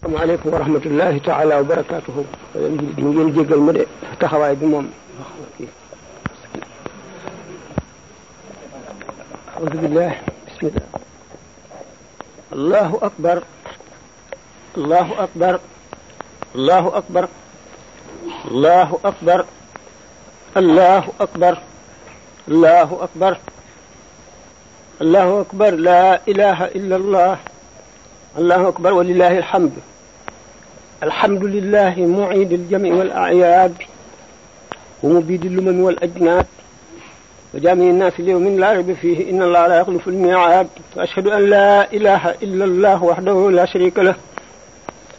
asalaamaaleykum wa rahmatullahi taala wa barakaatuhu di ngeen jéggal ma de taxawaay bi moom audu billah bismillah allahu akbar allahu akbar allahu akbar allahu akbar allahu akbar allahu akbar allahu akbar la ilaha illa allah allahu akbar walillahi alhamd alhamdulillahi muid aljami wal ayab wa mubidi lumam wal ajnab wa jaami nnaasi liyawmin laa rayba fiihi inna allaha laa yaxlifu lmiicaad wa ashhadu an laa ilaha illa allah waxdahu laa shariika lah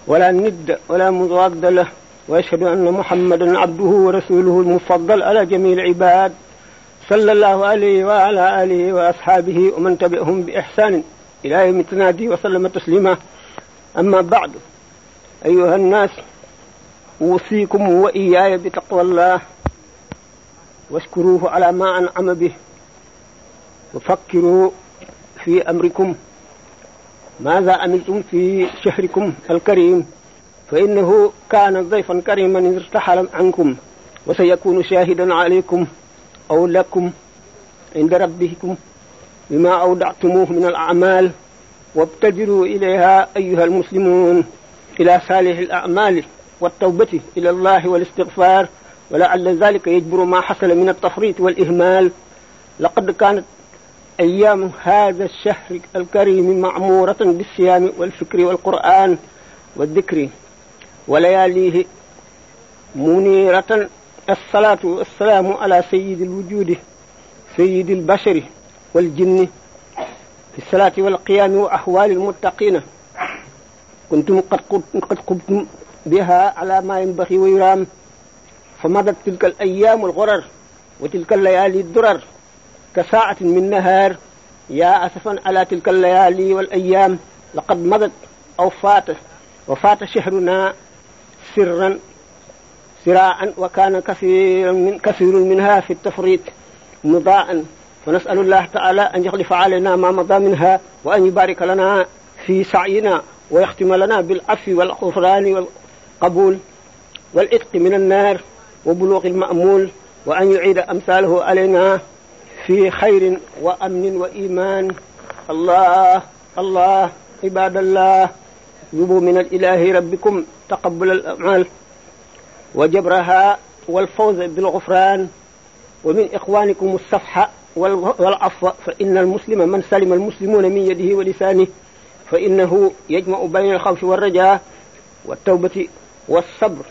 wala nidda wala mudaadda lah wa ashhadu anna muhammadan abduhu wa rasuluhu almufaddal ala jamii alcibaad salla allahu alayhi wa ala alihi wa ashaabihi wa man tabi'ahum bi ixsaanin ila yawmi tanaadi wa sallama taslima amma ba'du أيها الناس أوصيكم وإياي بتقوى الله واشكروه على ما أنعم به وفكروا في أمركم ماذا عملتم في شهركم الكريم فإنه كان ضيفا كريما إذ ارتحل عنكم وسيكون شاهدا عليكم أو لكم عند ربكم بما أودعتموه من الأعمال وابتدروا إليها أيها المسلمون ila saalihi al amali waltawbati ila allah walistigfar wa laalla dalika yajburu ma xasala min altafrit walihmal laqad kanat ayaamu hada alchahri alkarimi mamuratan bilsiyaami walfikri walquran waddikri wa layaalihi muniratan alsalatu wassalaamu ala sayidi alwujudi sayidi albashari waljinni fi lsalati walqiyaami wa ahwali almuttaqina kuntum qad qad qubtum biha ala ma yanbaxi wa yuraam fa madat tilka al ayaamu al xurar wa tilka al layaali al durar ka saatin min nahaar yaa asafan ala tilka al layaali wal ayaam laqad madat aw faata wa faata shahruna sirran siraan wa kaana kasiirun min kasiirun minha fi tafriit mudaan fa nasalu llah taala an yaxlifa alayna ma mada minha wa an yubarika lana fi saayina ويختم لنا بالعفو والغفران والقبول والعتق من النار وبلوغ المأمول وأن يعيد أمثاله علينا في خير وأمن وإيمان الله الله عباد الله يبو من الإله ربكم تقبل الأعمال وجبرها والفوز بالغفران ومن إخوانكم الصفح والعفو فإن المسلم من سلم المسلمون من يده ولسانه fa innahu yajma'u bayna alxawfi walrajaa waltawbati walsabr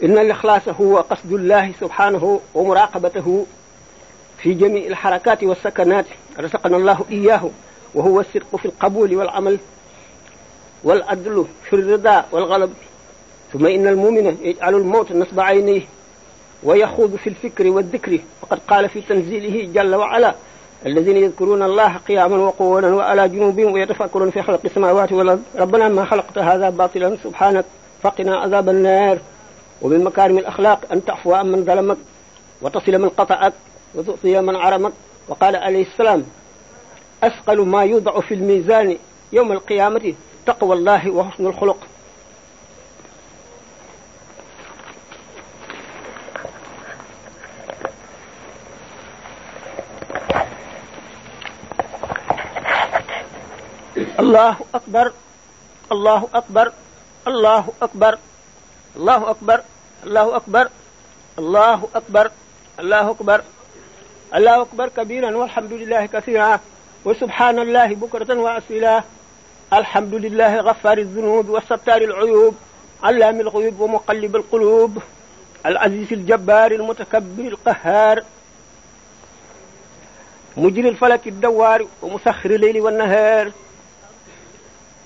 inna lixlaasahu wa qasdullahi subhanahu wa muraqabatahu fi jami alxarakaati walsakanaati rasaqana allahu iyaahu wa huwa alsidqu fi alqabuli walamal waladlu fi alrida walgalab summa inna almumina yajcalu almawta nasba aynayhi wa yaxuudu fi alfikri waddikri faqad qaala fi tanzilihi jalla wa ala الذين يذكرون الله قياما وقعودا وعلى جنوبهم ويتفكرون في خلق السماوات والأرض ربنا ما خلقت هذا باطلا سبحانك فقنا عذاب النار ومن مكارم الأخلاق أن تعفو عمن ظلمك وتصل من قطعك وتؤطي من عرمك وقال عليه السلام أثقل ما يوضع في الميزان يوم القيامة تقوى الله وحسن الخلق allahu akbar allahu akbar allahu akbar allahu akbar allahu akbar allahu akbar allahu akbar allahu akbar kabiran walhamdulillahi kasira wa subhanallahi bukratan wa asila alhamdulillahi ghaffari dhunubi wa sattari aluyub allami alghuyub wa muqallib alqulub العزيز الجبار المتكبر القهار مجري الفلك الدوار ومسخر الليل والنهار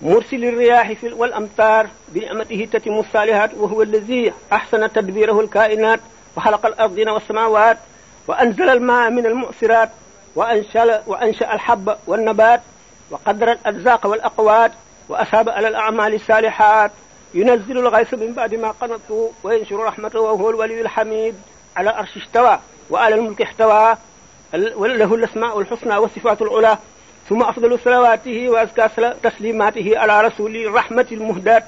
mursili riyaahi fi wal amtaar bi ni'matihi tatimu saalihaat wa huwa allazi ahsana tadbirahu alkaa'inaat wa xalaqa al ardina wassamaawaat wa anzala almaa min almu'siraat wa ansha wa ansha alhabba wannabaat wa qadara arzaaqa wal aqwaat wa asaaba ala al a'maali saalihaat yunazzilu alghaysa min ba'di maa qanatu wa yanshuru rahmatahu wa huwa alwaliyyu alhamiid ala arshi stawaa wa ala almulki ihtawaa wa lahu alasmaa'u alhusnaa wa sifaatu alulaa summa afdalu salawaatihi wa aska taslimaatihi ala rasuli rahmatil muhdaat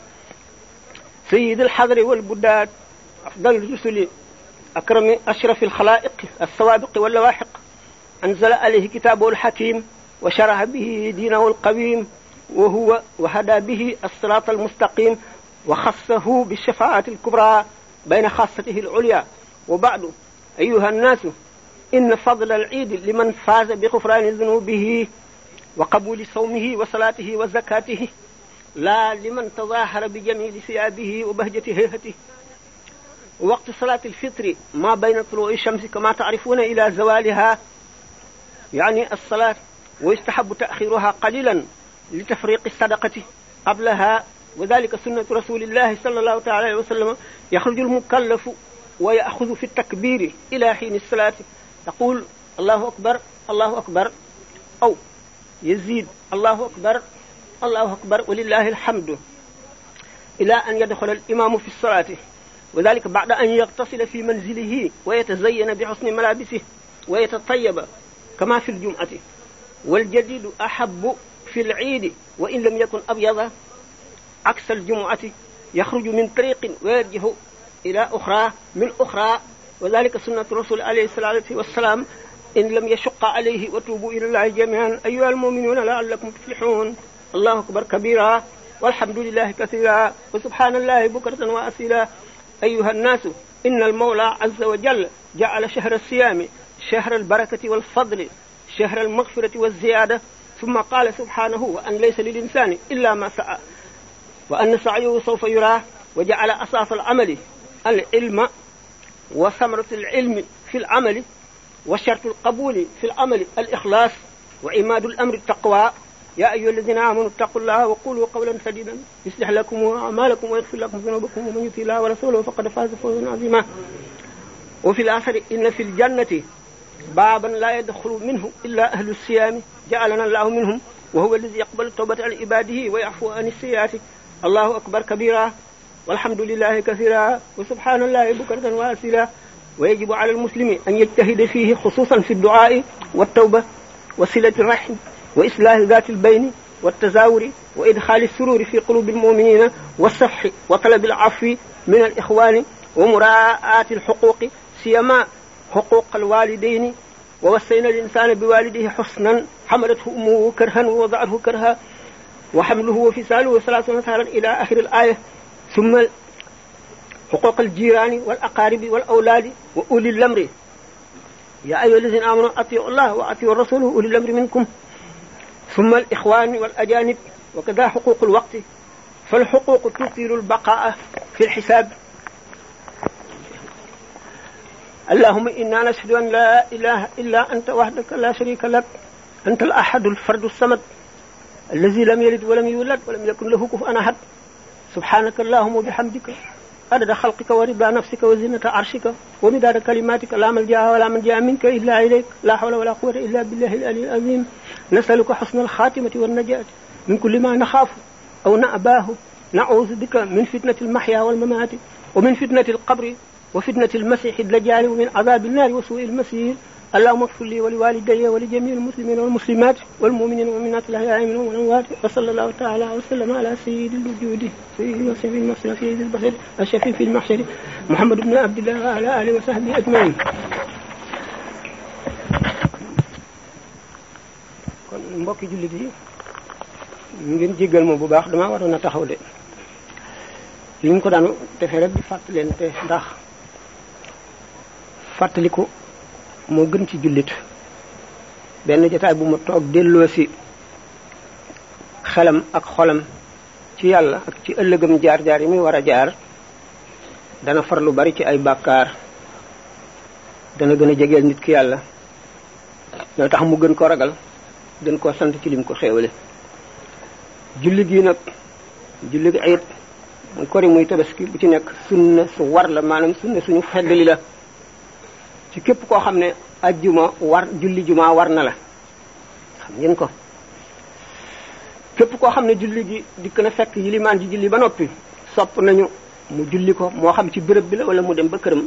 sayyidil xadri wal buddaat afdal rusuli akrami ashrafil xalaa'iq assawaabiqi wal lawaaxiq anzala alayhi kitaabahu alxakiim wa sharaha bihi diinahu alqawiim wa huwa wa hadaa bihi assiraata almustaqiim wa xassahu bishafaa'ati alkubraa bayna xaassatihi alculyaa wa ba'du ayyuha annaasu inna fadla alciidi liman faaza bi xufraani dunuubihi wa qabuli sawmihi wa salaatihi wa zakatihi laa liman tazahara bi jamili siyaabihi wa bahjati hayhatihi waqtu salaati alfitri ma bayna tuluui shamsi kama taarifuuna ila zawaliha yaani alsalaat wa yustahabu taxiruha qalilan li tafriqi sadaqati qablaha wa dalika sunnatu rasulillahi sal allahu taala alayhi wa sallama yaxruju almukallafu wa yaxudu fi takbiri ila xiini salaati taqul allahu akbar allahu akbar aw yazid allahu akbar allahu akbar walillahi alhamdu ila an yadxula al imamu fi solaati wa dalika bada an yaxtasila fi manzilihi wa yetazayana bi xusni malabisih wa yetatayaba kama fi ljumati waljadidu ahabu fi lciidi wa in lam yakun abyada aksa aljumuati yaxruju min tariqin wa yarjihu ila oxra min oxra wa dalika sunnatu rasul alayhi salatu wasalaam in lam yashuqa alayhi wa tubu ilallahi jamian ayuha almuminuna laallakum tuflihun allahu akbar kabira walhamdulillahi kasira wa subhanallahi bukratan wa asila ayuha annaasu inna almawla azza wa jalla jaala shahra alsiyaami shahra albarakati walfadli shahra almaghfirati walziyaada summa qaala subhanahu wa an laysa lilinsani illa ma sa'a wa anna sa'yahu sawfa yuraa wa jaala asaasa alamali alilma wa samaratu alilmi fi alamali wa shartul qabuli fi l amali al ixlaas wa imaadul amri taqwa yaa ayyuha alladina amanu ittaqullaha wa qulu qawlan sadidan yuslih lakum amalakum wa yaxfir lakum zunubakum wa man yuti illaha wa rasulahu faqad faza fawzan azima wa fi l axari inna fi ljannati baaban laa yadxulu minhu illa ahlu siyaami jaalana allahu minhum wa huwa alladi yaqbalu tawbata an ibadihi wa yafu an siyaati allahu akbar kabira walhamdulilahi kasira wa subhanallahi bukratan wa asila wa yajibu ala almuslimi an yajtahida fihi xususan fi duaai wa tawba wa silati rahim wa islaahi dati albayni wa tazawuri wa idxaali sururi fi qulubi almuminina wa safxi wa talabi alafwi min alixwani wa muraati alxuquqi siyama xuquq alwalidayni wa wassayna alinsana biwalidihi xusnan xamalathu ummuhu karhan wa wadaathu karha wa xamluhu wa fisaaluhu salaasuna saharan ila axiri alaya summa xuquuq al jiiraani wal aqaaribi wal awlaadi wa uli lamri yaa ayyuha allazina amanu atiu llah wa atiu rasulahu uli lamri minkum summa al ixwaani wal ajaanib wa kada xuquuqul waqti fal xuquuqu tutilu lbaqaa fi lxisaab allahuma inna nashhadu an laa ilaha illa anta wahdaka la sharika lak anta al ahadu alfardu samad allazi lam yalid wa lam yulad wa lam yakun lahu kufuwan ahad subhanaka allahuma wa bihamdika عدد خلقك ورضا نفسك وزنة عرشك ومداد كلماتك لا ملجا ولا منجا منك إلا إليك لا حول ولا قوة إلا بالله العلي العظيم نسألك حسن الخاتمة والنجاة من كل ما نخاف أو نأباه نعوذ بك من فتنة المحيا والممات ومن فتنة القبر وفتنة المسيح الدجال ومن عذاب النار وسوء المسير allahumma ighfir li wa li walidayya wa li jami'il muslimina wal muslimat wal mu'minina wal mu'minat al ahya'i minhum wal amwat wa sallallahu ta'ala wa sallama ala sayyidil wujudi sayyidil wasfi al masrif sayyidil basir ash-shafi fil mahshar muhammad ibn abdillah wa ala wa sahbihi ajma'in kon mbokki jullit yi ngeen jéggal ma bu baax damaa taxaw de li ko daan defee rek di te ndax fàttaliku moo gën ci jullit benn jataay bu mu toog delloo si xelam ak xolam ci yàlla ak ci ëllëgam jaar-jaar yi muy war a jaar dana far lu bari ci ay bàkkaar dana gën a jegeel nit ki yàlla loo tax mu gën ko ragal gën koo sant ci lim ko xéewale julli gi nag julli gi ayit muy kori muy tabaski bu ci nekk sunna su war la maanaam sunna suñu feddali la ci képp koo xam ne ajjuma war julli juma war na la xam ngeen ko képp koo xam ne julli gi dikk na fekk yilimaan ji julli ba noppi sopp nañu mu julli ko moo xam ci béréb bi la wala mu dem ba këram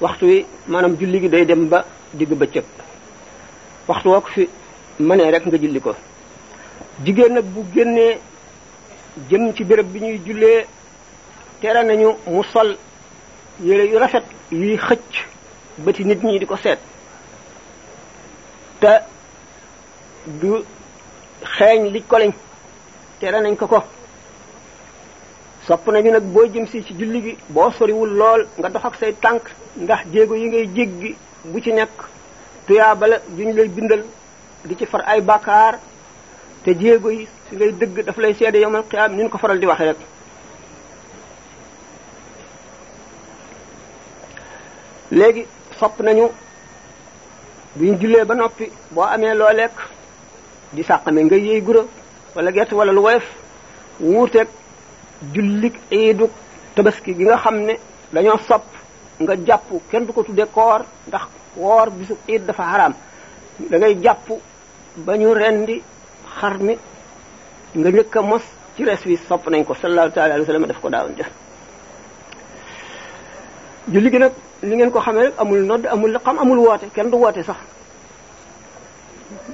waxtu wi maanaam julli gi day dem ba digg bëccëg waxtu woo ko fi mënee rek nga julli ko jigéen nag bu génnee jëm ci bërëb bi ñuy jullee tere nañu mu sol yére yu rafet yuy xëcc bëti nit ñi di ko seet te du xeeñ lij ko lañ tere nañ ko ko sopp nañu nag boo jëm si ci julli gi boo soriwul lool nga dox ak say tànk ndax jéego yi ngay jéggi bu ci nekk tuyaaba la juñ lay bindal di ci far ay bàkkaar te jéego yi si ngay dëgg daf lay seede yowmal xiyaam ni ñu ko faral di waxe rek léegi sopp nañu buñ jullee ba noppi boo amee loo lekk di sàqame nga yéey gura walla gerte wala lu woyof wuuteeg jullik iidu tabaski gi nga xam ne dañoo sopp nga jàpp kenn du ko tuddee koor ndax woor bisu iid dafa xaraam da ngay jàpp ba ñu rendi xar mi nga njëkk a mos ci res sopp nañ ko sallallahu taala alayhi wa sallam def ko daawoon def julli gi nag li ngeen ko xamee rek amul nodd amul xam amul woote kenn du woote sax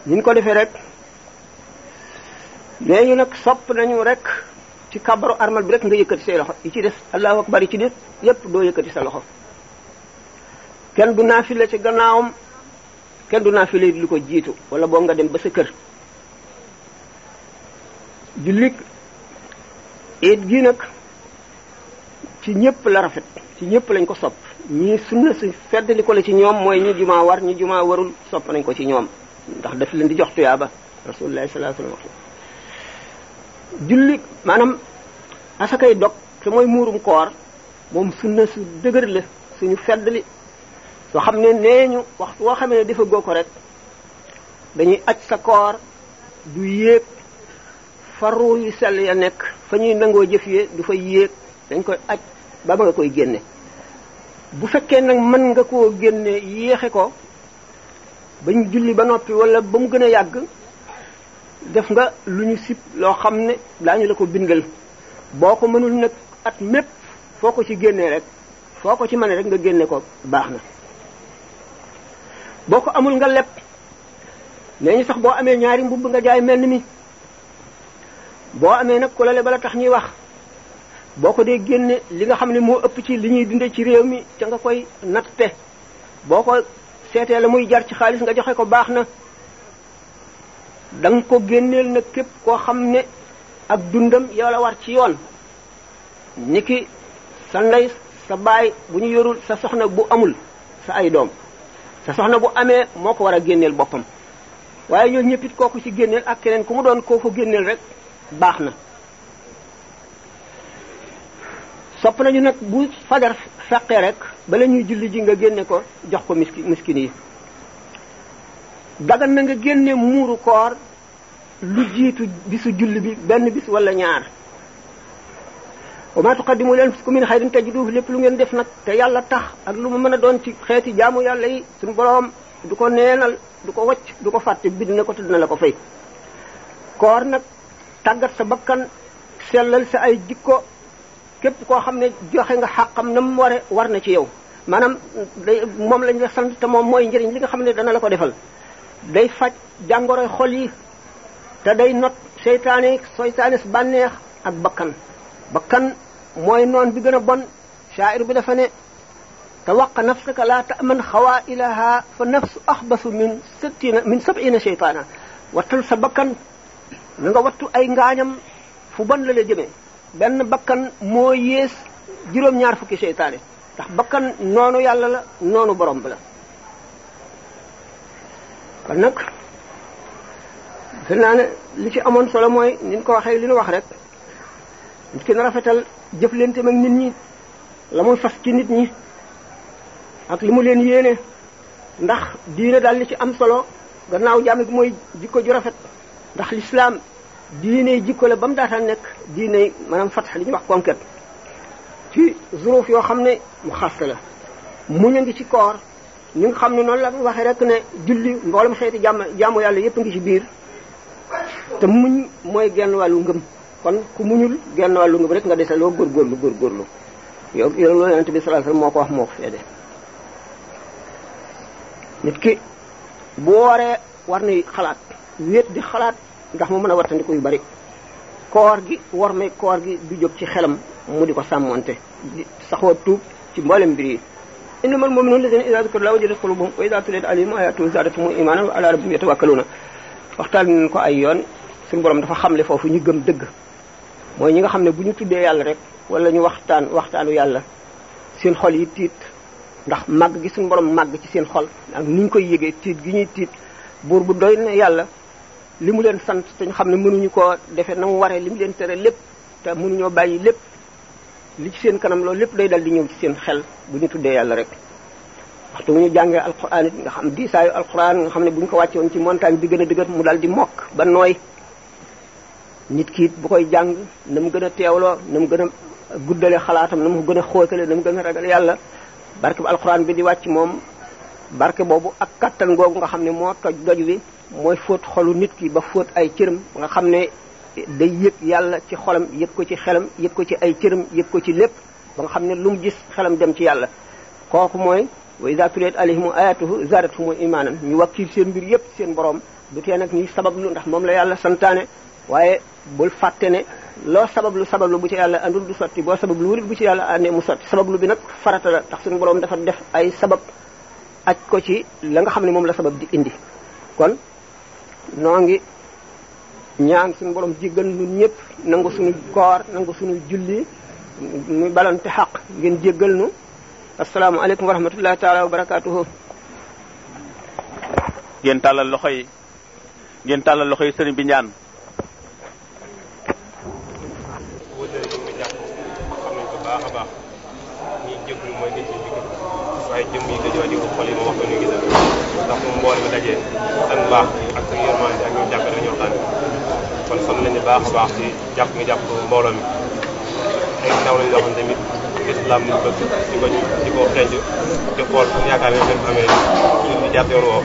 ñu ko defee rek ñu nag sopp nañu rek ci kabaru armal bi rek nga yëkkati say loxo yi ci des allahu akbar yi ci des yépp doo yëkkati sa loxo kenn du naafile ci gannaawam kenn du naafile lu ko jiitu wala boo nga dem ba sa kër jullit it gi nag ci ñëpp la rafet ci ñëpp lañ ko sopp ñii sunna si feddali ko la ci ñoom mooy ñi jumaa war ñi jumaa warul sopp nañ ko ci ñoom ndax daf leen di jox tuyaaba rasulullah sallallahu alayhi julli maanaam asakay dog te mooy muurum koor moom sunna su dëgër la suñu feddali soo xam ne nee ñu waxtu woo xamee ne dafa goo ko rek dañuy aj sa koor du yéeg faru yu sell ya nekk fa ñuy nangoo jëf yee du fa yéeg dañ koy aj ba ba nga koy génne bu fekkee nag mën nga koo génne yéexe ko bañ julli ba noppi wala ba mu gën a yàgg def nga lu ñu sib loo xam ne daañu la ko bindal boo ko mënul nag at mépp foo ko ci génnee rek foo ko ci mënee rek nga génne ko baax na boo ko amul nga leb nee ñu sax boo amee ñaari mbubb nga jaay mel ni mi boo amee nag ku la lebal a tax ñuy wax boo ko dee génnee li nga xam ne moo ëpp ci li ñuy dundee ci réew mi ca nga koy natte boo ko seetee la muy jar ci xaalis nga joxe ko baax na da ko génneel nag képp koo xam ne ak dundam yow la war ci yoon niki sa ndey sa baay bu ñu yorul sa soxna bu amul sa ay doom sa soxna bu amee moo ko war a génneel boppam waaye ñoo ñëpp it kooku ci génneel ak keneen ku mu doon koo ko génneel rek baax na sopp nañu nag bu fajar saqee rek bala ñuy julli ji nga génne ko jox ko miski miskin yi dagan na nga génne muuru koor lu jiitu bisu julli bi benn bis walla ñaar wa mu tuqaddimu li anfusikum min xayrin tajiduhu lépp lu ngeen def nag te yàlla tax ak lu mu mën a doon ci xeeti jaamu yàlla yi suñu boroom du ko neenal du ko wacc du ko fàtte bind na ko te dina la ko fay koor nag tàggat sa bakkan sellal sa ay jikko képp koo xam ne joxe nga xaqam nam mu ware war na ci yow maanaam moom lañ la sant te moom mooy njëriñ li nga xam ne dana la ko defal day faj jàngoroy xol yi te day not seytaane seytaane bànneex ak bakkan bakkan mooy noon bi gën a bon shaair bi dafa ne te waqa nafsaka laa taman xawaa ilaha fa nafsu axbasu min sittina min sabina seytaana wattal sa bakkan na nga wattu ay ngaañam fu ban la la jëmee benn bakkan moo yées juróom-ñaar fukki seytaane ndax bakkan noonu yàlla la noonu borom bi la kon nag naa ne li ci amoon solo mooy ni ko waxee li ñu wax rek nit ki na rafetal jëflanteem ak nit ñi la muy fas ci nit ñi ak li mu leen yéene ndax diine daal li ci am solo gannaaw jàmm bi mooy jikko ju rafet ndax lislaam diine jikko la ba mu daataan nekk diine maanaam fatax li ñuy wax conquête ci zuruf yoo xam ne mu xas la muñ a ngi ci koor ñu xam ne noonu la waxee rek ne julli mboolem xeeti jàmm jaamu yàlla yépp ngi ci biir te muñ mooy genn wàllu ngëm kon ku muñul genn wàllu ngëm rek nga dese loo góorgóorlu góor yow yow loolu yonente bi sallallahu alayhi moo ko wax moo feede nit ki bu wooree war na xalaat wéet di xalaat ndax mu mën a wattandiku yu bari koor gi war may koor gi du jóg ci xelam mu di ko sàmmonte di saxoo tuub ci mboolem mbir yi innamal mu'minuuna lazina idaa zukira llaahu wajilat quluubuhum wa idaa tuliyat alayhim aayaatuhu zaadathum iimaanan wa alaa rabbihim yatawakkaluuna waxtaan nañ ko ay yoon suñu borom dafa xamle foofu ñu gëm dëgg mooy ñi nga xam ne bu ñu tuddee yàlla rek wala ñu waxtaan waxtaanu yàlla seen xol yi tiit ndax màgg gi suñu borom màgg ci seen xol ak ni koy yëgee tiit gi ñuy tiit buur bu doy na yàlla li mu leen sant te ñu xam ne mënuñu koo defe na mu waree li mu leen tere lépp te mënuñoo bàyyi lépp li ci seen kanam loolu lépp day dal di ñëw ci seen xel bu ñu tuddee yàlla rek waxtu bu ñu jàngee alquran it nga xam diisaayu alxuraan nga xam ne bu ñu ko wàcce woon ci montagne bi gën a dëgër mu dal di mokk ba nooy nit kiit bu koy jàng na mu gën a teewloo na mu gën a guddale xalaatam na mu gën a xóotale na mu gën a ragal yàlla barke bu bi di wàcc moom barke boobu ak kattan googu nga xam ne moo doj wi mooy fóot xolu nit ki ba fóot ay cëram nga xam ne day yëg yàlla ci xolam yëg ko ci xelam yëg ko ci ay cëram yëg ko ci lépp ba nga xam ne lu mu gis xelam dem ci yàlla kooku mooy wa iza tuliyat alayhim ayatuhu zadatuhum imanan ñu wakkil seen mbir yëpp seen borom du tee nag ñuy sabablu ndax moom la yàlla santaane waaye bul fàtte ne loo sabablu sabablu bu ci yàlla andul du sotti boo sabablu wurit bu ci yàlla andee mu sotti sabablu bi nag farata la tax suñu borom dafa def ay sabab aj ko ci la nga xam ne moom la sabab di indi kon noo ngi ñaan suñu borom jéggal ñun ñëpp nangu suñu koor nangu suñu julli ñu balante xaq ngeen jéggal nu asalaamaaleykum wa rahmatullahi taala wa ngeen tàllal loxo yi ngeen tàllal loxo yi sëriñ bi baax a baax ci jàpp nga jàpp mbooloo mi ay ndaw lañ loo xam tamit islam ni bëgg di ko di ko xenj di xool fu yaakaar ne leen amee ñun ñu jàpp yoon woo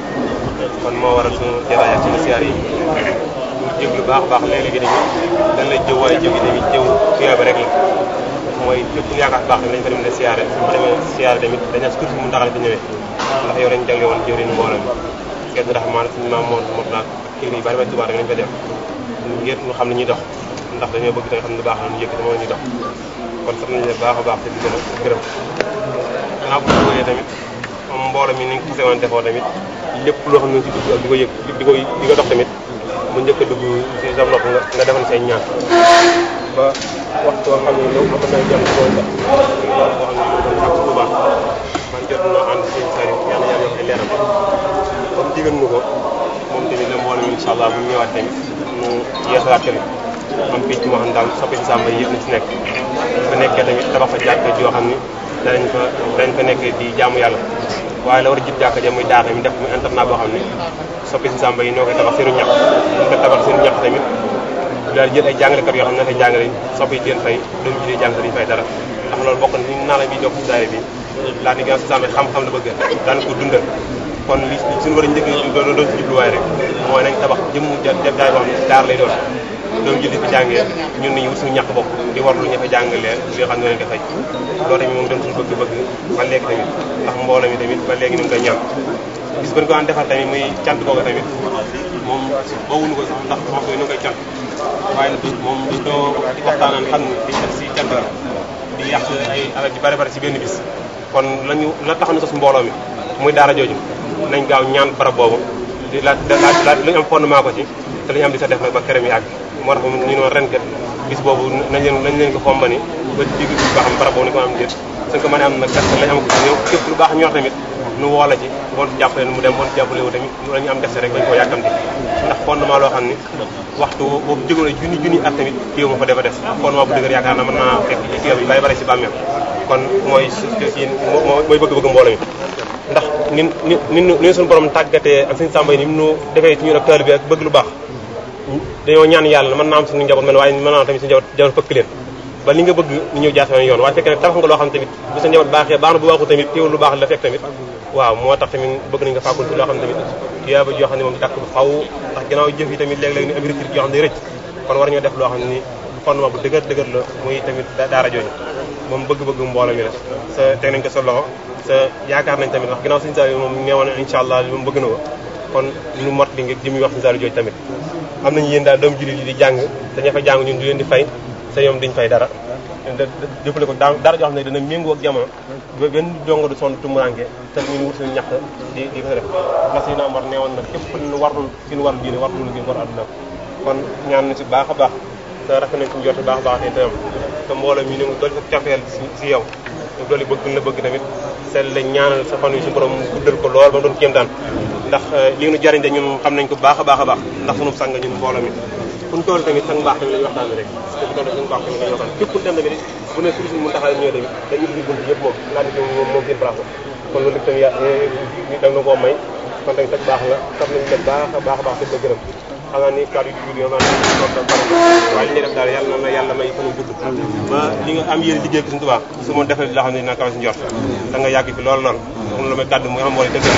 kon moo waral suñu jataay ak suñu siyaar yi ñu jëg lu baax a baax léeg-léegi tamit dañ lay jëw waaye jëw gi tamit jëw tuyaaba rek la mooy lépp lu yaakaar baax lañ fa dem ne siyaare su fa demee siyaare tamit dañu as kursi mu ndaxal fi ñëwee ndax yow lañ jagle woon jëwriñ mbooloo mi kenn rahmaan suñu maam moom moom naag kii nii bari ba tubaab rek lañ fa def ngir ñu xam ne ñuy dox ndax dañoo bëgg dañoo xam ne lu baax la ñu yëkkati moom la ñuy dox kon sax nañu leen baax a baax te di gën a gërëm gannaaw bu ñu bëggee tamit moom mbooloo mi ni ñu ko gisee woon defoo tamit lépp loo xam ne ñu ci dugg ak di ko yëg di ko di ko dox tamit bu njëkk a dugg si sa nopp nga nga defal say ñaan ba waxtu boo xam ne loolu mën na jàll ci loolu sax boo xam ne ñu ngi doon baax man jot naa ànd si sa yàlla yàlla yokk leeram comme digal nu ko moom tamit la moo leen incha allah bu ñu ñëwaat tamit mu yeesalaat tamit am picc moo xam daal soppi si sàmba yëpp na ci nekk. bu fa nekkee tamit tabax fa jàkka joo ni danañ fa danañ fa nekk di jaamu yàlla waaye la war a muy daara mi def muy internat boo xam ne soppi si sàmba yi noo koy tabax seenu ñax ñu ko tabax seenu ñax tamit. daal jël ay jàngalekat yoo xam ne dafay jàngale soppi di leen fay doom ji di jàng fay dara ndax loolu bokk na ni naa la bi jox ci daara bi laa ni gën a si xam-xam la bëgg daan ko dundal kon lii li suñu war a njëkk doon doon si jubluwaay rek mooy nañ tabax jëmm jataay boo xam ne lay doon doom julli fi jàngee ñun nañu wut suñu ñàkk bopp di warlu ña fa jàng leen li xam ne leen ko fay loolu tamit moom doon suñu bëgg ba léegi ba léegi ñu ngi koy ñaan gis bañ ko daan defar tamit muy cant googu tamit moom bawuñu ko sax ndax wax ko ñu koy cant waaye moom doo waxtaanaan xam ne di def si cant la di yàq ay alal ji bari bari si kon lañu la tax na sos mbooloo mi muy daara jooju nañ gaaw ñaan barab boobu di laaj laaj lu ñu am fondement ko ci te lu am di sa def nag ba këram yi àgg moo tax ñu noon ren kat bis boobu nañ leen nañ leen ko xombani ba ba xam barab baax ñor tamit nu woo la ci bon jàppale mu dem bon jàppale wu tamit lu la ñu am def rek bañ koo yàkkamti ndax fondement loo xam ni waxtu boobu jógoon a junni junni at tamit téew ma ko defa def fondement bu dëgër yaakaar na mën naa fekk ci téew yi bari bari si bàmmeel kon mooy mooy bëgg-bëgg mbooloo mi ndax nin nin nin suñu borom tàggatee ak suñu sàmba yi ni mu nu defee ci ñun ak taalibe bi ak bëgg lu baax dañoo ñaan yàlla mën naa am suñu njaboot mel waaye mën naa tamit suñu njaboot njaboot fëkk leen ba li nga bëgg ñu ñëw jaar sama yoon waaye fekk ne tabax nga loo xam tamit bu sa njaboot baaxee baax na bu baaxul tamit teewul lu baax la fekk tamit waaw moo tax tamit bëgg nañ nga fàggul ci loo xam tamit yaa ba yoo xam ne moom dàkk bu faw ndax ginnaaw jëf yi tamit léeg-léeg ni am rëcc yoo xam ne rëcc kon war ñoo def loo xam ni fondement bu dëgër dëgër la muy tamit daara jooju moom bëgg-bëgg mbooloo mi la sa teg nañ ko sa loxo sa yaakaar nañ tamit ndax ginnaaw sëñ Saliou na incha allah moom bëgg na ko kon lu mot li nga ji muy wax sëñ Saliou jooju tamit am nañu yéen daal doomu jullit di jàng te ña fa jàng ñun du leen di fay te ñoom duñ fay dara da jëfale dara joo xam ne dana méngoo ak jamono ba benn dongo du sonn tumuranke te ñun wut suñu ñàkk di di ko def ndax si naa war neewoon na képp lu lu lu gën kon ñaan na si baax a baax te rafet nañ suñu jot baax a baax te itam te mbooloo mi ne mu dolli sa cofeel si yow dolli bëgg na bëgg tamit sell lañ ñaanal sa fan yu suñu borom guddal ko lool ba mu doon kéem daan ndax euh, li nu jariñ de ñun xam nañ ko baax a baax a baax ndax sunu sang ñun mbooloo mi fu ñu toll tamit sang mbaax tamit la ñu waxtaanee rek suñu toll suñu mbaax tamit la ñu waxtaan képp ku dem tamit bu ne suñu suñu mën taxaw ñëwee tamit dañu ubbi bunt yëpp moom laa di moom moom seen place kon loolu lépp tamit yaa eh, eh, da nga koo may kon tamit sag baax la saf baax a baax a baax di la gërëm xanaa ni kàddu gi di maanaam dañu ko waaye li ñuy def daal yàlla na yàlla may fan yu gudd. ba li nga am yéen liggéey ko suñu tubaab su ma defee loo xam ne naa kawe si njort da nga yàgg fi lool lool. kon lu may kàddu mu xam mooy dëgg la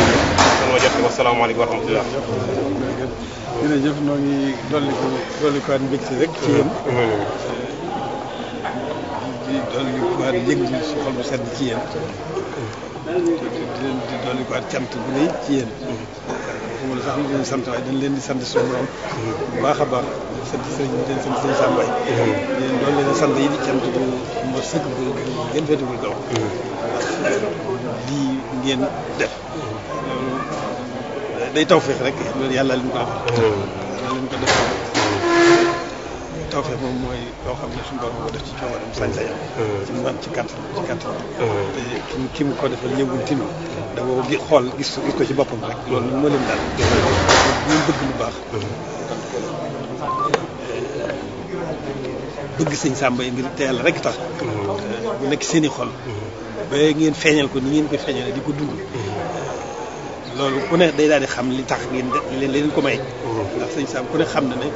kon ma jot ko salaamaaleykum wa rahmatulah. jërëjëf ñoo ngi dolli ko dolli ko ànd mbégte rek ci yéen. di dolli ko ànd yëg si xol bu sedd ci yéen. di dolli ko ànd cant bu rëy ci yéen. waxuma la sax ñu leen sant waaye dañ leen di sant suñu borom bu baax a baax sant sëriñ bi leen sant sëriñ Samba yi mm-hmm. leen doon leen sant yi di cant bu ma sëkk bu gën féetewul kaw mm-hmm. ndax lii ngeen def loolu mm-hmm. day tawfeex rek loolu yàlla li ñu ko am tawfeex moom mooy loo xam ne suñu borom moo def ci coobaram sañ-sañam. Euh, ci euh, mu ci kàttan ci kàttan. te mu ko defal ñëwul tinu. da nga ko xool gis ko ci boppam rek. loolu moo leen daal. ñu euh, bëgg baax. bëgg sëñ Samba yi teel rek tax. nekk seen i xol. ngeen feeñal ko ni ngeen koy feeñalee di ko dund. loolu ku ne day daal di xam li tax ngeen leen leen ko may. ndax sëñ Samba ku ne xam na ne.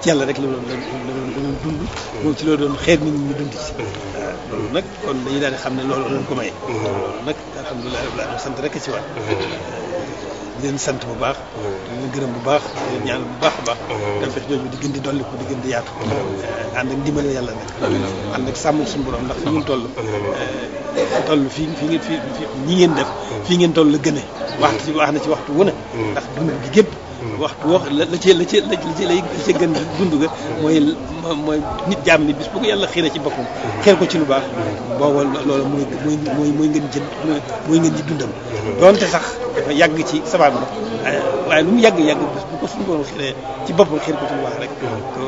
ci yàlla rek la doon la doon dund. moom ci loo doon xeet nit ñi ñu dund ci. loolu nag kon dañuy daal i xam ne loolu lañ ko may. loolu nag alhamdulilah rabbil sant rek ci waat. sant bu baax. di gërëm bu baax di bu baax a baax. dafa fekk di gën di dolli ko di gën di yaatu. Eh, ànd ak ndimbal yàlla nag. ànd sàmm suñu borom ndax fi ñu toll. Eh, toll fii fii ngeen fii ñi ngeen def. fii ngeen toll la gën a. waxtu ci wax na ci waxtu wu ne. ndax dund gi gépp waxtu wax la la ci la ci la ci lay la ci gën dund ga mooy mooy nit jaam ni bis bu ko yàlla ci boppam xeer ko ci lu baax booba loolu mooy mooy mooy ngeen ci mooy ngeen ci dundam doonte sax yàgg ci sabab ba waaye lu mu yàgg-yàgg bis ko ci boppam xeer ko rek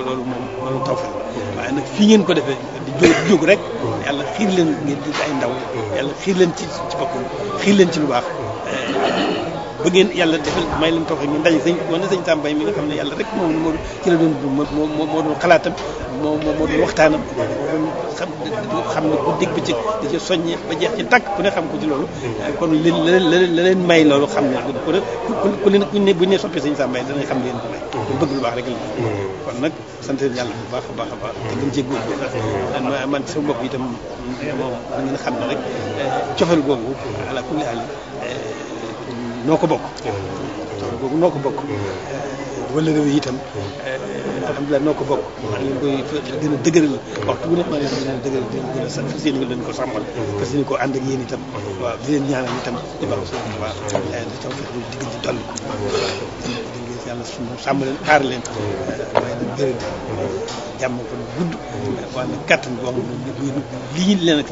loolu loolu taw fa waaye fii ngeen ko defee di jóg rek yàlla xiir leen ay ndaw yàlla xiir leen ci ci boppam xiir leen ci lu baax ba yàlla defal may leen tawfeex ngeen daje sëñ wane sëñ mi nga xam ne rek moom moo ci la moo moo xalaatam moo moo doon waxtaanam xam xam ne bu dégg ci di ci ba jeex ci tàkk ku ne xam ko ci loolu kon li la leen may loolu xam ne ku ku leen kuñ ne buñ ne soppi sëñ Samba danañ xam leen ko may kon bëgg lu baax rek kon nag sant yàlla bu baax a baax a baax te gën cee góor góor man sama bopp itam moom ngeen xam ne rek cofel googu ala kulli noo ko bokk. boobu mm-hmm. noo ko bokk. Mm-hmm. wala réew yi itam mm-hmm. alhamdulilah noo ko bokk. maa ngi leen koy gën a dëgëral waxtu bu nekk maa ngi leen di gën a dëgëral di gën a sax fas yéene leen ko sàmmal. fas yéene ko ànd ak yéen itam. waaw di leen ñaanal itam. di baax waaw waaw li taw bi di gën di dolli ko. yàlla suñu moom sàmm leen aar leen jàmm ko lu gudd waaw nag kattan boo xam lii leen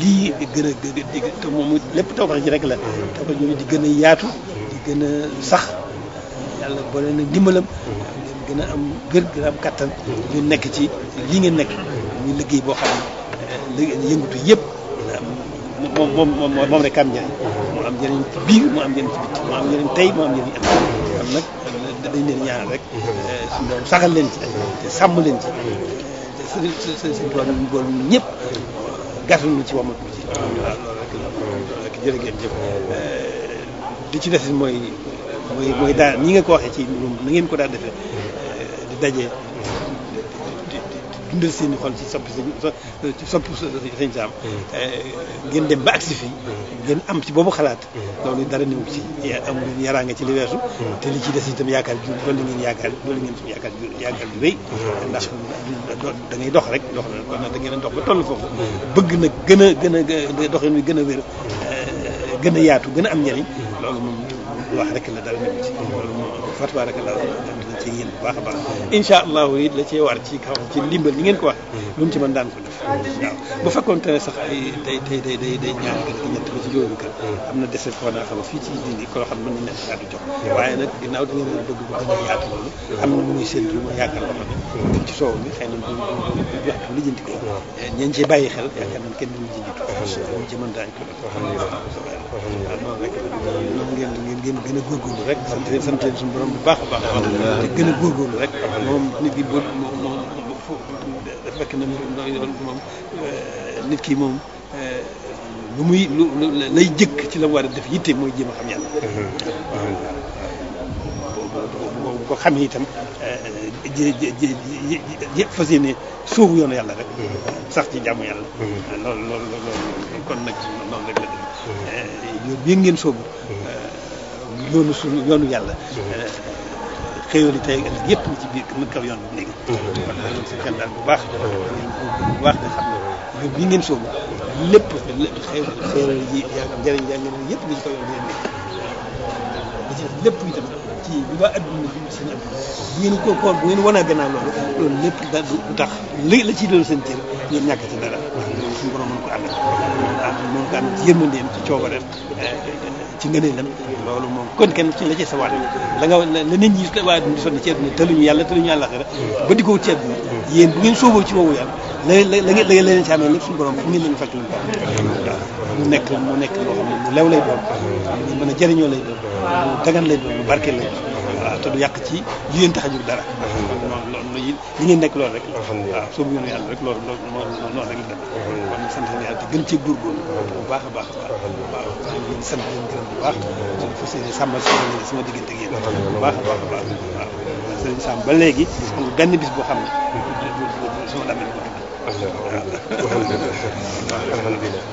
lii gën a gën a moom lépp tawfeex ji rek la tawfeex jooju di gën a yaatu di gën a sax yàlla boole na ndimbalam gën a am gër gën a am kattan ñu nekk ci lii ngeen nekk ñu liggéey boo xam ne eh, yëngatu moom moom moom moom am njëriñ njëriñ ci biir mu am njëriñ ci bitti am njëriñ tey moo am njëriñ am euh, dañ leen ñaanal rek euh, suñu doom saxal leen ci sàmm leen ci te sëriñ sëriñ Tuubaa ñu bool ñëpp euh, gàttal ñu ci wàmmatu ci waaw loolu rek loolu rek ci des mooy mooy mooy daal ñi nga ko waxee ci na ngeen ko daal defee di daje dundal seen i xol ci sopp ci sopp sëñ mm. ngeen dem ba si fii mm. ngeen am ci boobu xalaat mm. loolu dara niwu ci amul yaraa nga ci li weesu te li ci des itam yaakaar ju loolu ngeen yaakaar loolu ngeen suñu yaakaar yaakaar ju rëy da ngay dox rek dox na kon da ngeen dox ba toll foofu bëgg na gën a gën a dox wi gën a wér gën a yaatu gën a am njëriñ loolu moom wax rek la dara nekk ci la dina ci yéen baax a baax incha allahu la cee war ci kaw ci ndimbal li ngeen ko wax mm-hmm. lu mu ci man daan ko def waaw bu fekkoon te ne sax ay day day day day day ñaar kër ki ñett ba ci juróomi kër mm-hmm. am na dese koo naa xam fii ci dindi koo xam mën na nekk daa du jox mm-hmm. waaye nag ginnaaw dañu leen bëgg bu gën a yaatu loolu am na muy séntu mu yaakaar loo xam ne ci soow mi xëy na du du jox lijjanti ko eh, ñeen ci bàyyi xel yaakaar nañ kenn duñu lijjanti ko ci mën daañ ko loolu rek ngeen ngeen gën a góorgóorlu rek sant leen suñu borom bu baax a baax te gën a góorgóorlu rek moom nit ki bu moom moom fekk na moom nit ki moom lu muy lu lay jëkk ci la war a def yitte mooy jéem a xam yàlla boo ko xamee itam jé jé jé fas yéene suufu yoonu yàlla rek sax ci jàmm yàlla mm-hmm. loolu Mm-hmm. Eh, yoon bii ngeen sóobu. yoonu mm-hmm. eh, suñu yoonu yàlla. Mm-hmm. Eh, xëyoon tey ak yëpp ci biir mën kaw yoon bu léegi. kon daal di seetlu daal bu baax. bu baax nga xam ne yoon bii ngeen sóobu lépp xëy na xëy na yaa ngi njëriñ ngi yëpp nga ci kaw yoon bi lépp itam. ci bi waa adduna bi seen adduna bu ngeen ko ko bu ngeen wanee gannaaw loolu loolu lépp da du tax li la ci doon seen cër ngeen ñàkk ci dara ndax loolu suñu borom mën ko àndal mën ko àndal ci yërmandeem ci coobareem eh, ci ngëneelam loolu moom kon kenn ci la ci sa waat la nga la nit ñi waa adduna di sonn ci adduna tëluñu yàlla tëluñu àllaxira ba di ko wut ci adduna yéen bu ngeen sooboo ci woowu yàlla la la la ngeen leneen ci amee lépp suñu borom fu ngeen leen fekk leen mu nekk mu nekk loo xam ne mu lew lay doon lu mën a jëriñoo lay doon lu dagan lay doon lu barkeel lay waaw te du yàq ci jigéen leen tax a jóg dara li ngeen nekk loolu rek waaw soo bëggoon yàlla rek loolu sant na yàlla gën ci góorgóorlu bu baax baax a baax waaw ñu sant leen gërëm bu baax moom fas yéene sàmmal sama diggante ak bu baax a baax a baax waaw sëriñ Sam ba léegi benn bis boo xam ne sama damel ko tudd waaw alhamdulilah alhamdulilah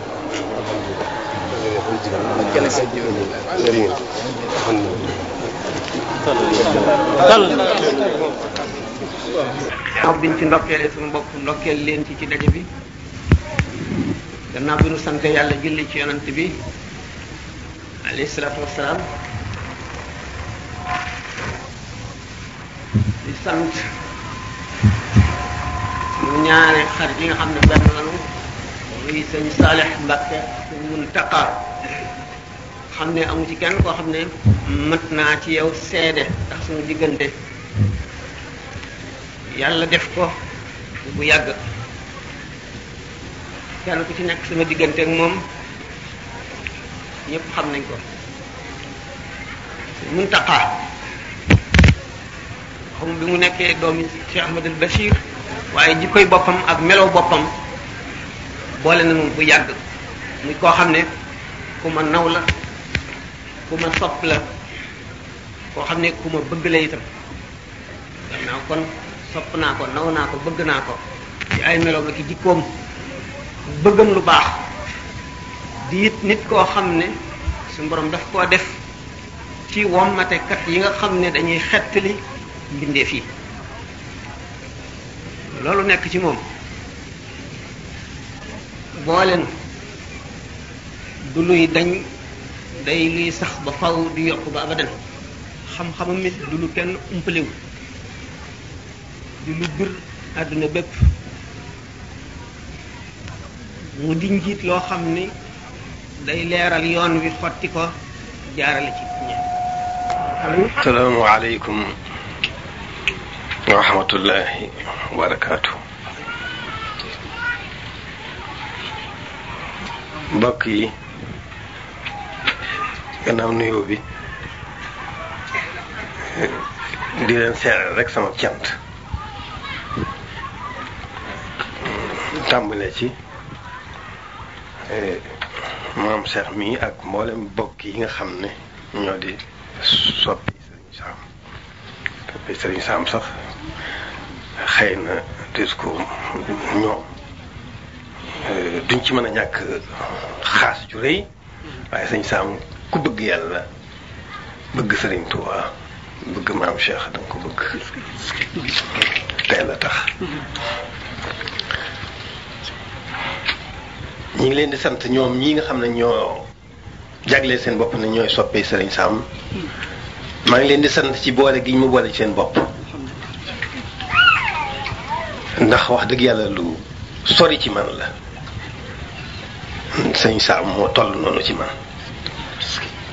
gannaaw biñ ci ndokkeele suñu bopp ndokkeel leen ci ci daje bi gannaaw bi ñu sante yàlla julli ci yonant bi alayhi salaatu wassalaam di sant ñu ñaari xar yi nga xam ne benn lanu muy sëñ Salih Mbacke mun Muntaqa xam ne amu ci kenn koo xam ne mat naa ci yow seede ndax suñu diggante yàlla def ko bu yàgg kenn ku ci nekk sama diggante ak moom ñëpp xam nañ ko sëñ Muntaqa xam bi mu nekkee doomi Cheikh Ahmadul Bachir waaye ji koy boppam ak melo boppam boole na moom bu yàgg muy koo xam ne ku ma naw la ku ma sopp la koo xam ne ku ma bëgg la itam gannaaw kon sopp naa ko naw naa ko bëgg naa ko ci ay meloom la ki jikkoom bëggam lu baax di it nit koo xam ne su borom daf koo def ci wommatekat yi nga xam ne dañuy xettali mbindeef fii loolu nekk ci moom boole nu du luy dañ day luy sax ba faw di yokk ba abadan xam-xamam it du lu kenn umpaliwu di lu bir àdduna bépp mu di njiit loo xam ni day leeral yoon wi xotti ko jaarale ci ñe salaamaaleykum wa rahmatullahi wa barakaatu mbokk yi gannaaw nuyoo bi di leen seeral rek sama cant tàmbale ci e, maam Cheikh mii ak mboolem mbokk yi nga xam ne ñoo di soppi Serigne Sam soppi sax xëy na discours ñoom Euh, duñ ci mën a ñàkk euh, xas ju réy waaye sëñ Saam ku bëgg yàlla bëgg Sëriñ Tuubaa bëgg maam Cheikh da ko bëgg tey la tax ñi ngi leen di sant ñoom ñii nga xam ne ñoo jagleel seen bopp ne ñooy soppee Sëriñ Saam maa ngi leen di sant ci boole gi ñu mu boole seen bopp ndax wax dëgg yàlla lu sori ci man la sëñ Saam moo toll noonu ci man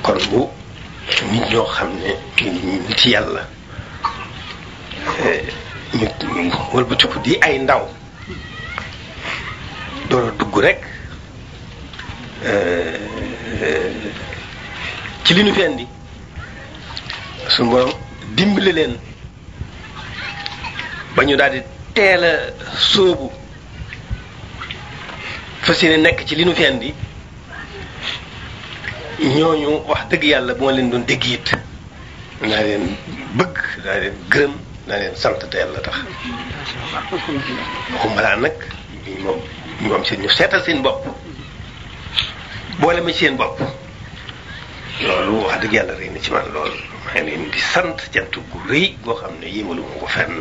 kon bu nit ñoo xam ne nit ci yàlla eh, ñu wëlbatiku di ay ndaw door a dugg rek eh, ci li ñu fi indi suñu borom dimbali leen ba ñu daal di teel a sóobu fas yéene nekk ci li nu fi ñooñu wax dëgg yàlla bu ma leen doon dégg it naa leen bëgg naa leen gërëm naa leen sant te yàlla tax waxumala nag moom ñu seen ñu seetal seen bopp boole ma ci seen bopp loolu wax dëgg yàlla rëy na ci man lool maa ngi di sant jant gu rëy goo xam ne yéemalu ma ko fenn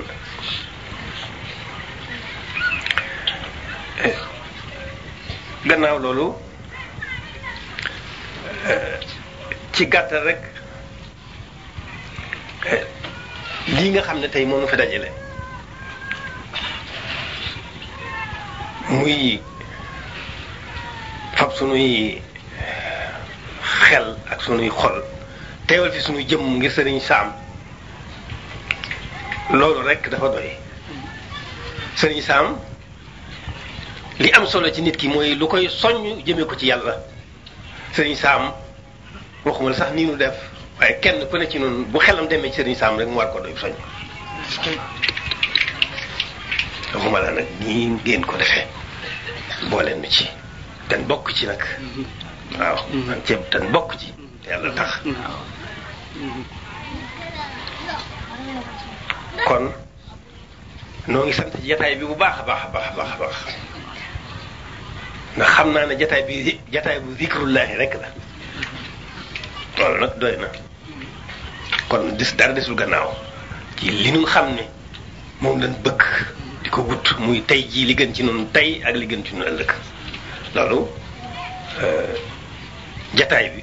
gannaaw loolu eh, ci gàttal rek eh, lii nga xam ne tey moom fi dajale muy fab sunuy xel ak sunuy xol teewal fi sunu jëmm ngir sëriñ saam loolu rek dafa doy sëriñ saam li am solo ci nit ki mooy lu koy soññ jëmee ko ci yàlla sëriñ Saam waxuma sax nii nu def waaye kenn ku ne ci noonu bu xelam demee seen sëriñ Saam rek mu war ko doy soññ waxuma la nag nii ngeen ko defee boole nu ci ten bokk ci nag waaw man bokk ci te yàlla tax kon noo ngi sant ci jataay bi bu baax a baax a baax a baax ndax xam naa ne jataay bi jataay bu zikrullahi rek la loolu nag doy na kon dis dara desul gannaaw ci li nu xam ne moom lañ bëkk di ko wut muy tey jii li gën ci noonu tey ak li gën ci noonu ëllëg loolu euh, euh, jataay bi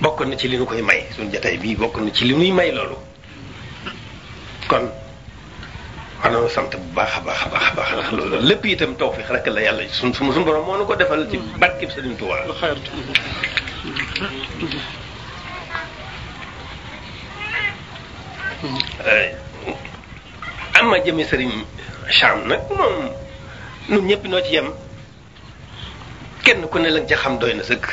bokk na ci li nu koy may suñu jataay bi bokk na ci li nuy may loolu kon maanaam sant bu baax a a baax a baax ndax lépp itam tawfiix rek la yàlla suñ suñ suñ borom moo nu ko defal. ci barkeb Sëriñ Tuubaa. Eh, am na jëmi sëriñ Cham nag moom ñun ñëpp noo ci yem kenn ku ne la nga ca xam doy na sëkk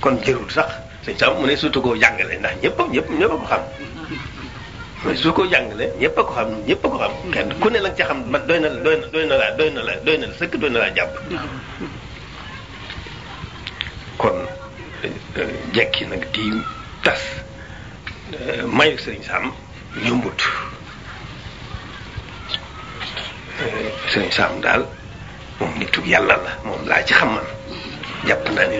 kon jërul sax sëñ Cham mu ne surtout koo jàngale ndax ñëpp ñëpp ñëpp xam. su ko jàngale ñëpp a ko xam ñëpp ko xam kenn ku ne la nga ca xam man doy na la doy na doy na laa doy na la doy na la sëkk doy na laa jàpp kon euh, jekki nag di tas euh, mayu euh, yàlla la moom laa ci xam man jàpp naa ni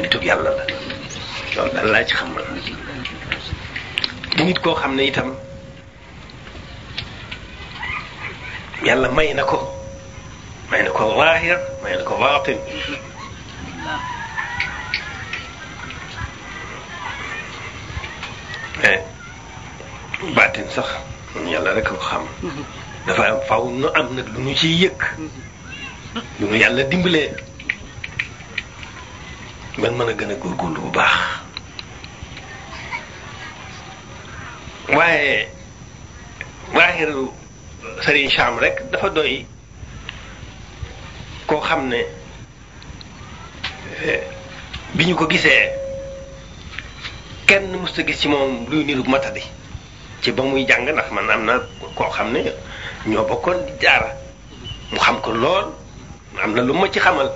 la ci xam man nit koo xam ne itam yàlla may na ko may na ko may na ko baatin eh, baatin sax yàlla rek ko xam dafa am faw nu am nag lu nu ciy yëkk lu nu yàlla dimbalee a gën a góorgóorlu bu baax waaye waaxiru Serigne Cham rek dafa doy koo xam ne eh, bi ñu ko gisee kenn mësta gis ci moom luy niru matadi ci ba muy jàng ndax man am na koo xam ne ñoo bokkoon di jaara mu xam ko lool am na lu ma ci xamal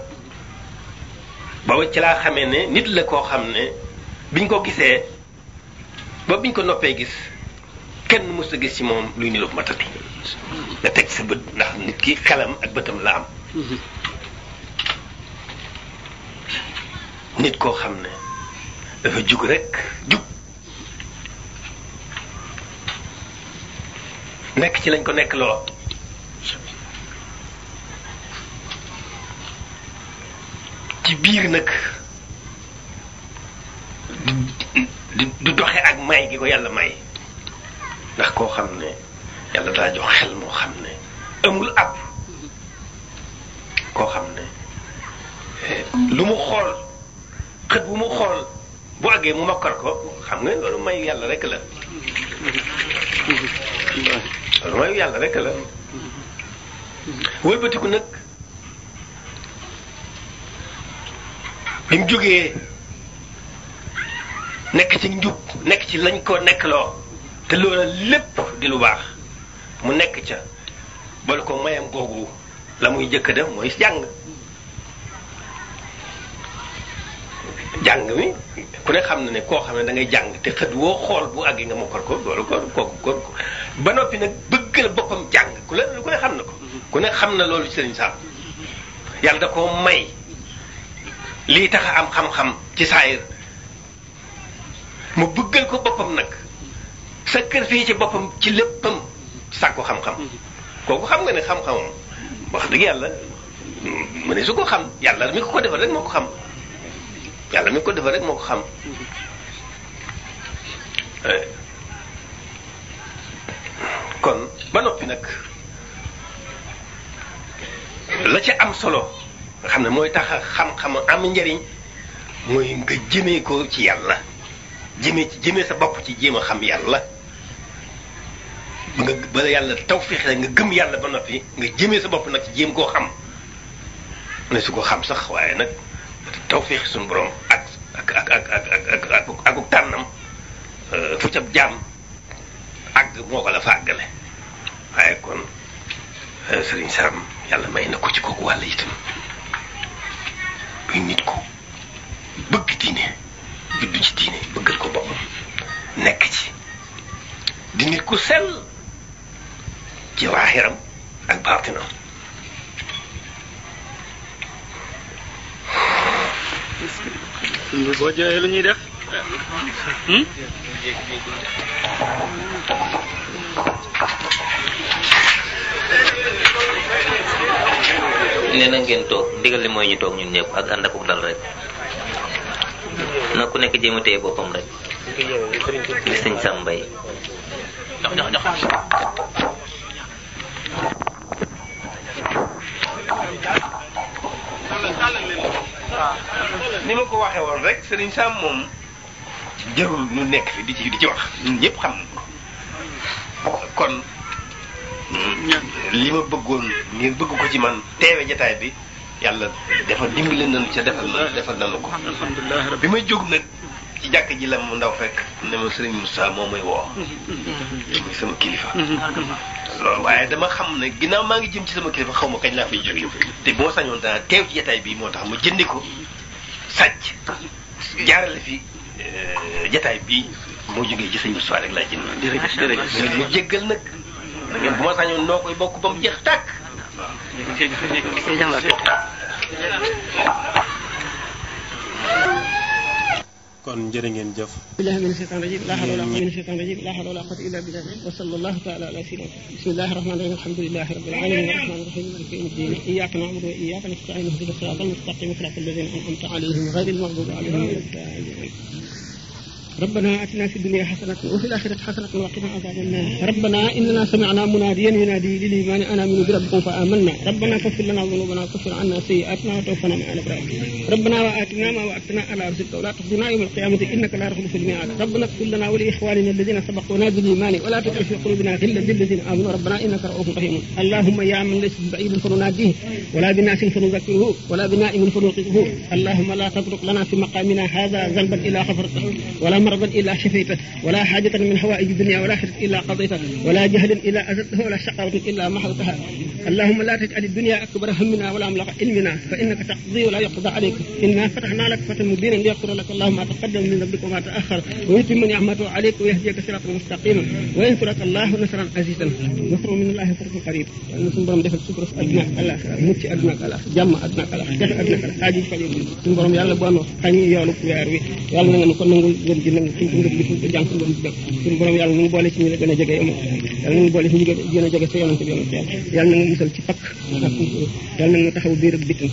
booba ci laa xamee ne nit la koo xam ne biñ ko gisee ba biñ ko noppee gis kenn mësta gis ci moom luy niru matadi nga teg sa bët ndax nit ki xelam ak bëtam la am mhm. nit koo xam ne dafa jug rekk jug nekk ci lañ ko nekk loo ci biir nag du doxe ak may gi ko yàlla may ndax koo xam ne yàlla daa jox xel moo xam ne amul ab koo xam ne eh, lu mu xool xët bu mu xool bu àggee mu mokkal ko xam nga loolu mayu yàlla rek la loolu mayu yàlla rek la wëlbatiku nag bi mu jógee nekk ci njub nekk ci lañ ko nekk loo te loola lépp di lu baax mu nekk ca bala ko mayam googu la muy jëkk def mooy jàng jàng mi ku ne xam na ne koo xam ne dangay ngay jàng te xët woo xool bu àgg nga mokkal ko loolu ko ba noppi nag bëgg la boppam jàng ku ne ku ne xam na ko ku ne xam na loolu Sëriñ Sam yàlla da koo may lii tax a am xam-xam ci saayir mu bëggal ko boppam nag sa kër fii ci boppam ci léppam sàkku xam-xam kooku xam nga ne xam-xamam wax dëgg yàlla mu ne su ko xam yàlla mi ko ko defal rek moo ko xam yàlla ko defal rek moo ko xam kon ba noppi nag la ca am solo nga xam ne mooy tax xam-xam am njariñ mooy nga jëmee ko ci yàlla jëmee ci jëmee sa bopp ci jéem a xam yàlla nga ba yàlla tawféex la nga gëm yàlla ba noppi nga jëmee sa bopp nag ci jéem koo xam ne su ko xam sax waaye nag tawféex suñu borom ak ak ak ak ak ak ak tànnam euh, fu ca jaam àgg moo ko la fa àggale waaye kon euh, Serigne Sam yàlla may na ko ci kooku wàll itam buy nit ko bëgg diine juddu ci diine bëggal ko boppam nekk ci di nit ku sell ci waaxiram ak baatinam boo lu ñuy def nee na ngeen toog ndigal li mooy ñu toog ñu ñëpp ak ànd dal rek na ku nekk jéem a téye boppam rek di sëñ Samba waaw ni ma ko waxee woon rek sëriñ Sam moom jarul ñu nekk fi di ci di ci wax ñun ñëpp xam kon li ma bëggoon ngeen bëgg ko ci man teewe jataay bi yàlla dafa dimbali nañu ca defal na defal nañu ko alhamdulilah bi may jóg nag ci jàkk ji la mu ndaw fekk ne ma sëriñ Moussa moo may woo muy sama kilifa loolu waaye dama xam ne ginnaaw maa ngi jëm ci sama kilifa xaw ma kañ laa fiy jóge te boo sañoon dana teew ci jataay bi moo tax ma jëndi ko sàcc jaarale fi euh, jataay bi moo jógee ci sëñ Moussa rek laa jënd. jërëjëf jërëjëf mu jéggal nag. bu ma sañoon noo koy bokk ba mu jeex tàkk. waaw. kon jërë ngeen jëf billahi min shaytan rajim la hawla wala quwwata min shaytan rajim la hawla wala quwwata illa billah wa sallallahu ta'ala ala sayyidina bismillahir rahmanir rahim alhamdulillahi rabbil alamin arrahmanir rahim maliki yawmiddin iyyaka na'budu wa iyyaka nasta'in ihdinas siratal mustaqim siratal ladzina an'amta alaihim ghayril maghdubi alaihim waladdallin ربنا اتنا في الدنيا حسنه وفي الاخره حسنه وقنا عذاب النار ربنا اننا سمعنا مناديا ينادي للايمان ان امنوا بربكم فامنا ربنا فاغفر لنا ذنوبنا وكفر عنا سيئاتنا وتوفنا مع الابرار ربنا واتنا ما وعدتنا على رسلك ولا تخزنا يوم القيامه انك لا تخلف الميعاد ربنا اغفر لنا ولاخواننا الذين سبقونا بالايمان ولا تجعل في قلوبنا غلا للذين امنوا ربنا انك رؤوف رحيم اللهم يا من ليس بعيد فنناديه ولا بناس فنذكره ولا بنائم فنوقظه اللهم لا تترك لنا في مقامنا هذا ذنبا الى غفرته ولا مرضا إلا شفيته ولا حاجة من حوائج الدنيا والآخرة إلا قضيته ولا جهلا إلا أزلته ولا شقاوة إلا محضتها اللهم لا تجعل الدنيا أكبر همنا ولا مبلغ علمنا فإنك تقضي ولا يقضى عليك إنا فتحنا لك فتحا مبينا ليغفر لك الله ما تقدم من ذنبك وما تأخر ويتم نعمته عليك ويهديك صراطا مستقيما وينصرك الله نصرا عزيزا نصر من الله فرق قريب ñu suñu borom defal sutura àdduna ak àllaaxira mucc àdduna ak àllaaxira jàmm àdduna ak àllaaxira jafe àdduna ak àllaaxira xaaji fajoo suñu borom yàlla bu am xañ yoolu weer wi yàlla na ngeen ko nangul gën nag ci ngëb gi fu jàng suñu borom def suñu borom yàlla na ñu boole ci ñu la gën a jege yomal na ñu boole ci ñu gën a jege sa yonante bi yomal yàlla yàlla na nga musal ci pakk ak na nga taxaw biir ak bitim